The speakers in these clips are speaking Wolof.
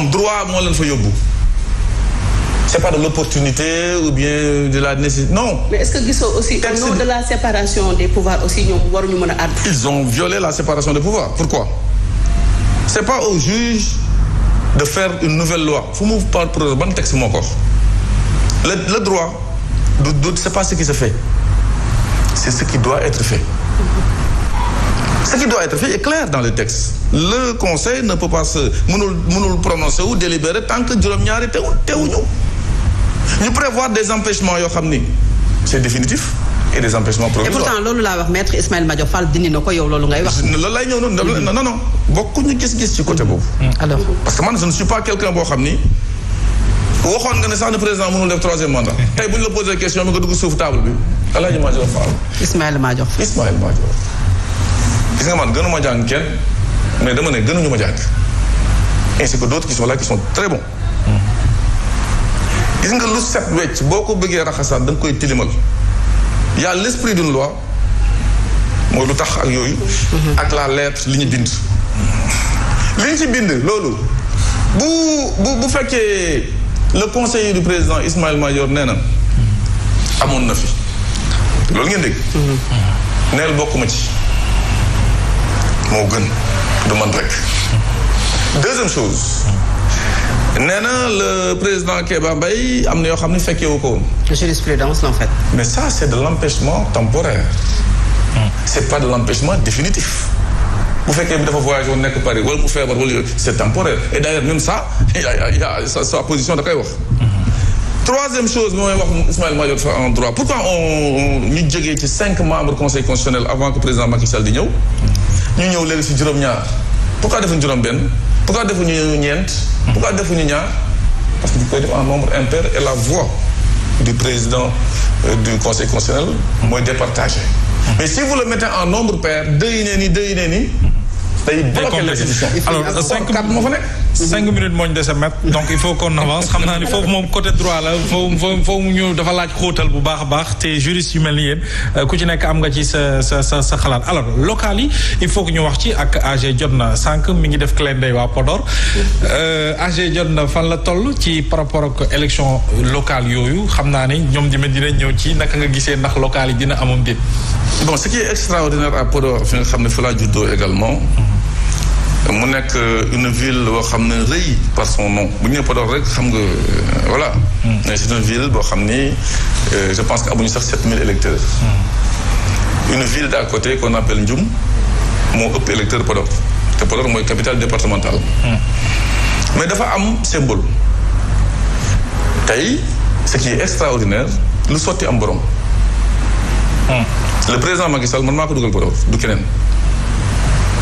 ñoom droit moo leen fa yóbbu c'est pas de l'opportunité ou bien de la nécessité non. mais est-ce que gisoo aussi au nom de la séparation des pouvoirs aussi ñoom waruñu mën a àdd. ils ont violé la séparation des pouvoirs pourquoi c'est pas au juge de faire une nouvelle loi fu mu par ban texte moo ko le le droit du du c'est pas ce qui se fait c'est ce qui doit être fait. a qui doit être fait est clair dans le texte le conseil ne peut pas se mënul mënul prononcer ou délibérer tant que juróom-ñaari teewu teewuñu ñu prévoir des empêchements yoo xam ni c'est définitif et des empêchements provisoires et pourtant loolu laa wax maître Ismaïla Madior Fall dindi na ko yow loolu ngay wax. loolu lay ñëw noonu non non bokkuñu gis-gis ci côté boobu. Mm, mm. parce que man je ne suis pas quelqu'un boo xam ni waxoon nga ne sax ne président mënul def troisième mandat. tey bu ñu la gis nga man gënuma jàng kenn mais dama ne gënuñu ma jàng ainsi que d'autres qui sont là très bons. gis nga lu set wecc boo ko bëggee raxasaan da koy tilimal y a l'esprit d'une loi mooy lu tax ak yooyu. ak la lettre li ñu bind. li ñu ci bind loolu bu bu bu fekkee le conseil du président Ismaël Madior nee na amoon na fi loolu ngeen dégg. Mm-hmm. neel bokkuma ci. moo gën du man rek deuxième chose nee na le président Kéba Mbaye am na yoo xam ne fekkee wu ko woon. jurisprudence en fait. mais ça c' est de l' empêchement temporaire. c' est pas de l' empêchement définitif. bu fekkee bi dafa voyagé woon nekk Paris wala mu feebar wala c' est temporaire et d' ailleurs ça y a y a sa position da koy wax. troisième chose mooy wax Ismaël Madior Fall en droit pourquoi on ñu jógee ci cinq membres conseil constitutionnel avant que président Macky Sall ñëw ñu ñëw léegi si juróom-ñaar pourquoi defuñu juróom-benn pourquoi defuñu ñeent pourquoi defuñu ñaar parce que ñu koy def en nombre impair et la voix du président euh, du conseil constitutionnel mooy départagé mais si vous le mettez en nombre pair deux yi nee nii deux yi nee nii day bloqué l'institution alors cinq moo fa nekk cinq minutes moo ñu sa met donc il faut qu'on avance xam naa ni foofu moom côté droit la foofu foofu mu ñëw dafa laaj xóotal bu baax a baax te juriste yu mel ni yéen euh, ku ci nekk am nga ci sa sa sa sa xalaat alors local yi il faut que ñu wax ci ak AG jot na sànq mi ngi def clin d'œil waa Podor euh, AG jot na fan la toll ci par rapport ak élection locale yooyu xam naa ni ñoom dima dina ñëw ci naka nga gisee ndax locale yi dina amoon déet bon ce qui est extraordinaire à Podor fi nga xam ne fa laa juddoo également mhm. mu nekk une ville boo xam ne rëy par son nom bu ñu nee Podor rek xam nga euh, voilà. Hmm. mais c'est une ville boo xam ni euh, je pense que amuñu sax 7000 électeurs. Hmm. une ville d'à côté qu'on appelle Ndioum moo ëpp électeur Podor te Podor mooy capitale départementale. Hmm. mais dafa am symbole. tey ce qui est extraordinaire lu sotti am borom. le président Macky Sall man maa ko dugal Podor du keneen.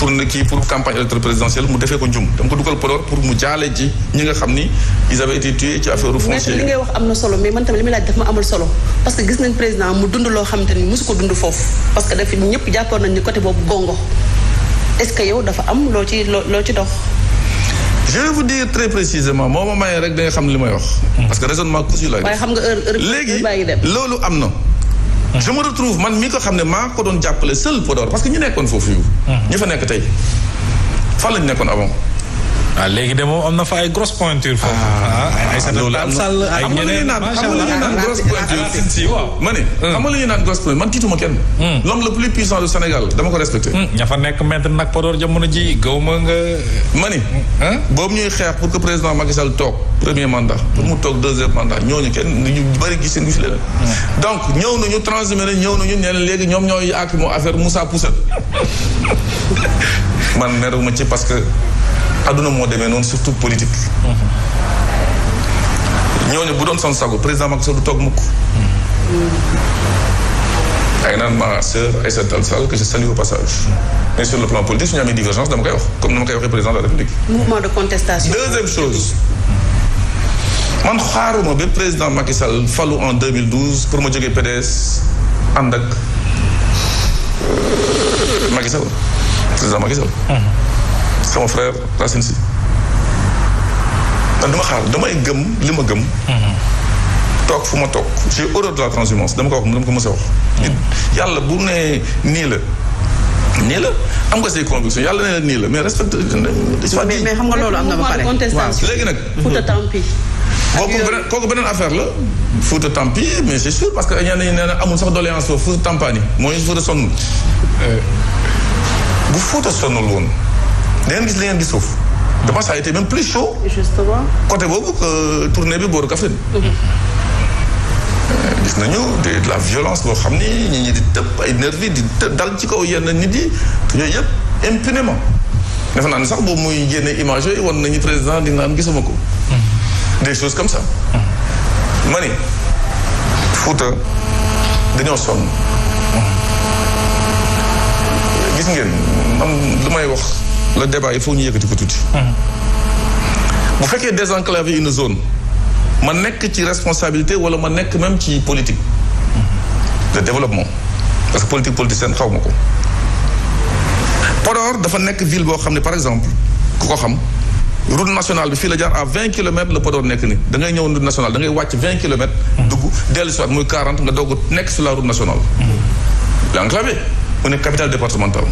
pour ne kii pour campagne électorale présidentielle mu defee ko njum dama ko dugal Podor pour mu jaale ji ñi nga xam ni ils avaient été tués ci affaire foncière li ngay wax am na solo mais man tamit li may laaj daf ma amal solo parce que gis nañ président mu dund loo xamante ni mosu ko dund foofu parce que dafa ñëpp jàppoon nañ ni côté boobu gongo est-ce que yow dafa am loo ci loo ci dox je vais vous dire très précisément moo ma mayee rek da nga xam li may wax parce que raisonnement cousu la waaye xam nga heure léegi loolu am je me retrouve man mi ko xam ne maa ko doon jàppale seul Podor parce que ñu nekkoon foofu ñu fa nekk tey fan lañu nekkoon avant ah léegi de moom am na fa ay grosse pointure foofu. Ah, ah, ah, ay loolu am ay ñeneen macha allah ma ne. xam hmm. nga li ñuy naan grosse pointure man tiituma kenn. Hmm. l'homme le plus puissant du Sénégal dama ko respecté. Hmm, ña fa nekk nag ma nga. Euh, ma ne. boobu ñuy xeex pour que président Macky Sall toog premier mandat. pour ñu bëri gis nañu fi leen. donc ñëw nañu transhumé ñooy àgg mu affaire Moussa Poussel man meruma ci parce que. àdduna moo demee noonu surtout politique. ñooñu bu doon son sago président Macky Sall du toog mukk. ay naan ma sœur Aïssata Tall Sall que je salue au passage. mais sur le plan politique su ñu amee divergence dama koy wax comme ni ma koy waxee président de la République. de contestation. deuxième chose. man xaaruma ba président Macky falu en pour ma jógee PDS ànd ak Macky président Macky sama frère Racine Sy man dama xaar damay gëm li ma gëm. toog fu ma toog j'ai horreur de la transhumance ko wax dama ko mës a yàlla bu nee nii la. nii la am nga say conviction yàlla nee na nii la mais respecte. mais mais xam nga loolu na ba pare waaw léegi nag. affaire la. Fouta Tampi mais c'est sûr parce que ñenn ñi nee na amul sax doléance foofu Fouta Tampani mooy Fouta sonnul. Euh. bu Fouta sonnul woon. da ngeen gis li ngeen di suuf. je pense ça a été plus chaud. justement boobu tournée bi booru Kaffrine. Mhm. gis nañu de la violence boo xam ni ñi ñi di tëb ay nervi di dal ci kaw yenn nit yi te yooyu yëpp impunément. defe naa ne sax boobu muy génne image yooyu nañu président di naan gisuma ko. Mhm. des choses comme ça. Mhm. ma ni Fouta dañoo sonn. gis ngeen man wax. la débat il faut ñu yëkkati ko tuuti. bu fekkee désenclaver une zone ma nekk ci responsabilité wala ma nekk même ci politique de développement parce que politique politicienne xaw ma ko. Podor dafa nekk ville boo xam ne par exemple ku ko xam route nationale bi fii la jaar à vingt kilomètres la Podor nekk ni da ngay ñëw route nationale da wàcc vingt kilomètres. dugg dellu si waat muy quarante nga doog nekk sur la route nationale. Mm-hmm. l'enclavé. on est capitale départementale.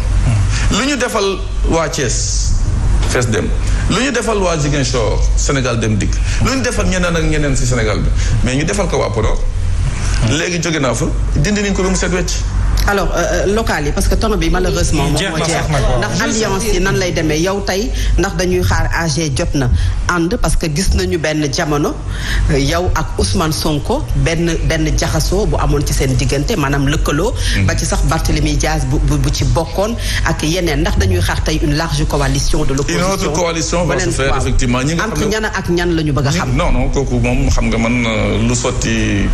lu ñu defal waa Thiès fees dem lu ñu defal waa Ziguinchor Sénégal dem dikk lu ñu defal ñeneen ak ñeneen ci Sénégal bi mais ñu defal ko waa Podor. léegi jóge naa fa dindi nañ ko lu mu set wecc alors euh, euh, local yi parce que tono bi malheureusement moom moo jeex ndax alliance yi nan lay demee yow tey ndax dañuy xaar AG jot na ànd parce que gis nañu benn jamono euh, yow ak Ousmane Sonko benn benn jaxasoo bu amoon ci seen diggante maanaam lëkkaloo hmm. ba ci sax Barthélemy Diaz bu bu ci bokkoon ak yeneen ndax dañuy xaar tey une large coalition de l'opposition une autre coalition va se faire effectivement ñi la ñu bëgg a xam non non kooku moom xam nga man lu sotti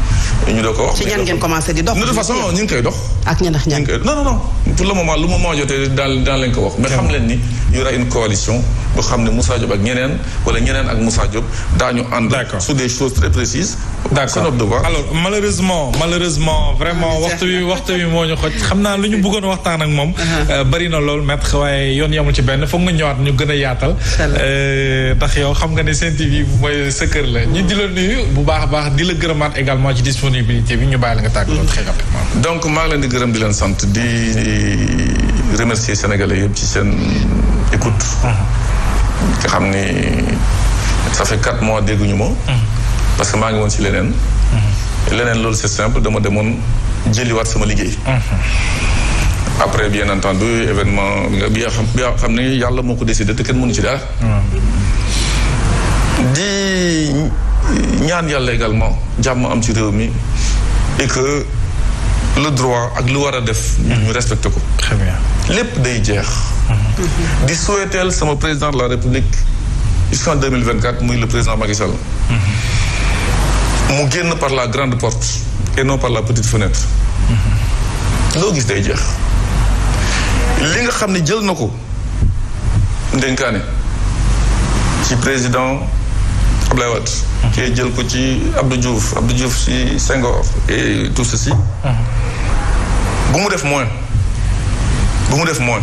ñu da ko wax ci ñan ngeen commencé di dox de toute façon ñu ngi koy dox ak ñan ak ñan. non non lu ma maa jotee daal daal leen ko wax mais xam leen ni. y aura une coalition boo xam ne Moussa Diop ak ñeneen wala ñeneen ak Moussa Diop daañu ànd. d'accord sur des choses très précises. d'accord c'est notre devoir. alors malheureusement malheureusement vraiment waxtu wi waxtu wi moo ñu xoj xam naa lu ñu bëggoon waxtaan ak moom. Uh-huh. Euh, bari na lool maître waaye yoon yamul ci benn foog nga ñëwaat ñu gën a yaatal. Euh, ndax yow xam nga ne Sen TV mooy sa kër la ñu di la nuyu bu baax a baax di la gërëmaat également ci disponibilité bi ñu bàyyi la nga tàggatoo très rapidement. donc maa ngi leen di gërëm di leen sant di remercier sénégalais yëpp ci seen. écoute. te xam ni sa fait quatre mois dégguñu ma. Mm-hmm. parce que maa ngi woon ci leneen. Mm-hmm. leneen loolu c'est simple dama demoon jëliwaat sama liggéey. Mm-hmm. après bien entendu événement bi nga xam bi nga yàlla moo ko décidé te kenn mënu ci dara. di ñaan yàlla également jàmm am ci réew mi et que le droit ak lu war a def. ñu respecté ko. lépp day jeex. di souhaiteel sama président de la république jusqu'en deux mille vingt quatre muy le président Macky Sall. mu génn par la grande porte et non par la petite fenêtre. loo gis day jeex. li nga xam ne jël na ko ndénkaane ci président Abdoulaye kee jël ko ci Abdou Diouf Abdou Diouf ci Senghor et tout ceci. bu mu def moins bu mu def moins.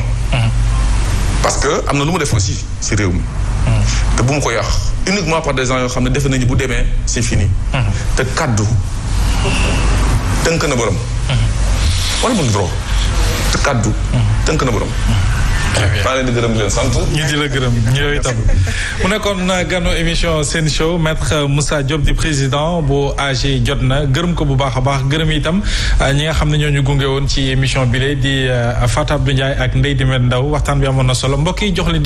parce que am na lu mu def si si réew mi. Hmm. te bu mu ko yàq uniquement par des gens yoo xam ne defe nañu bu demee c'est fini. Hmm. te kaddu tënk na borom. Hmm. wala mu ngi droit te kaddu tënk na borom. maa leen di gërëm di leen sant. ñu di la gërëm ñu itam mu nekkoon ganu émission seen show maître Moussa Diop di président bu AG jot na gërëm ko bu baax a baax gërëm itam ah, ñi nga xam ne ñoo ñu gunge woon ci émission bi di ah, Fatou Abdou Ndiaye ak Ndeye Dimet Ndaw waxtaan bi amoon na solo mbokk yi jox leen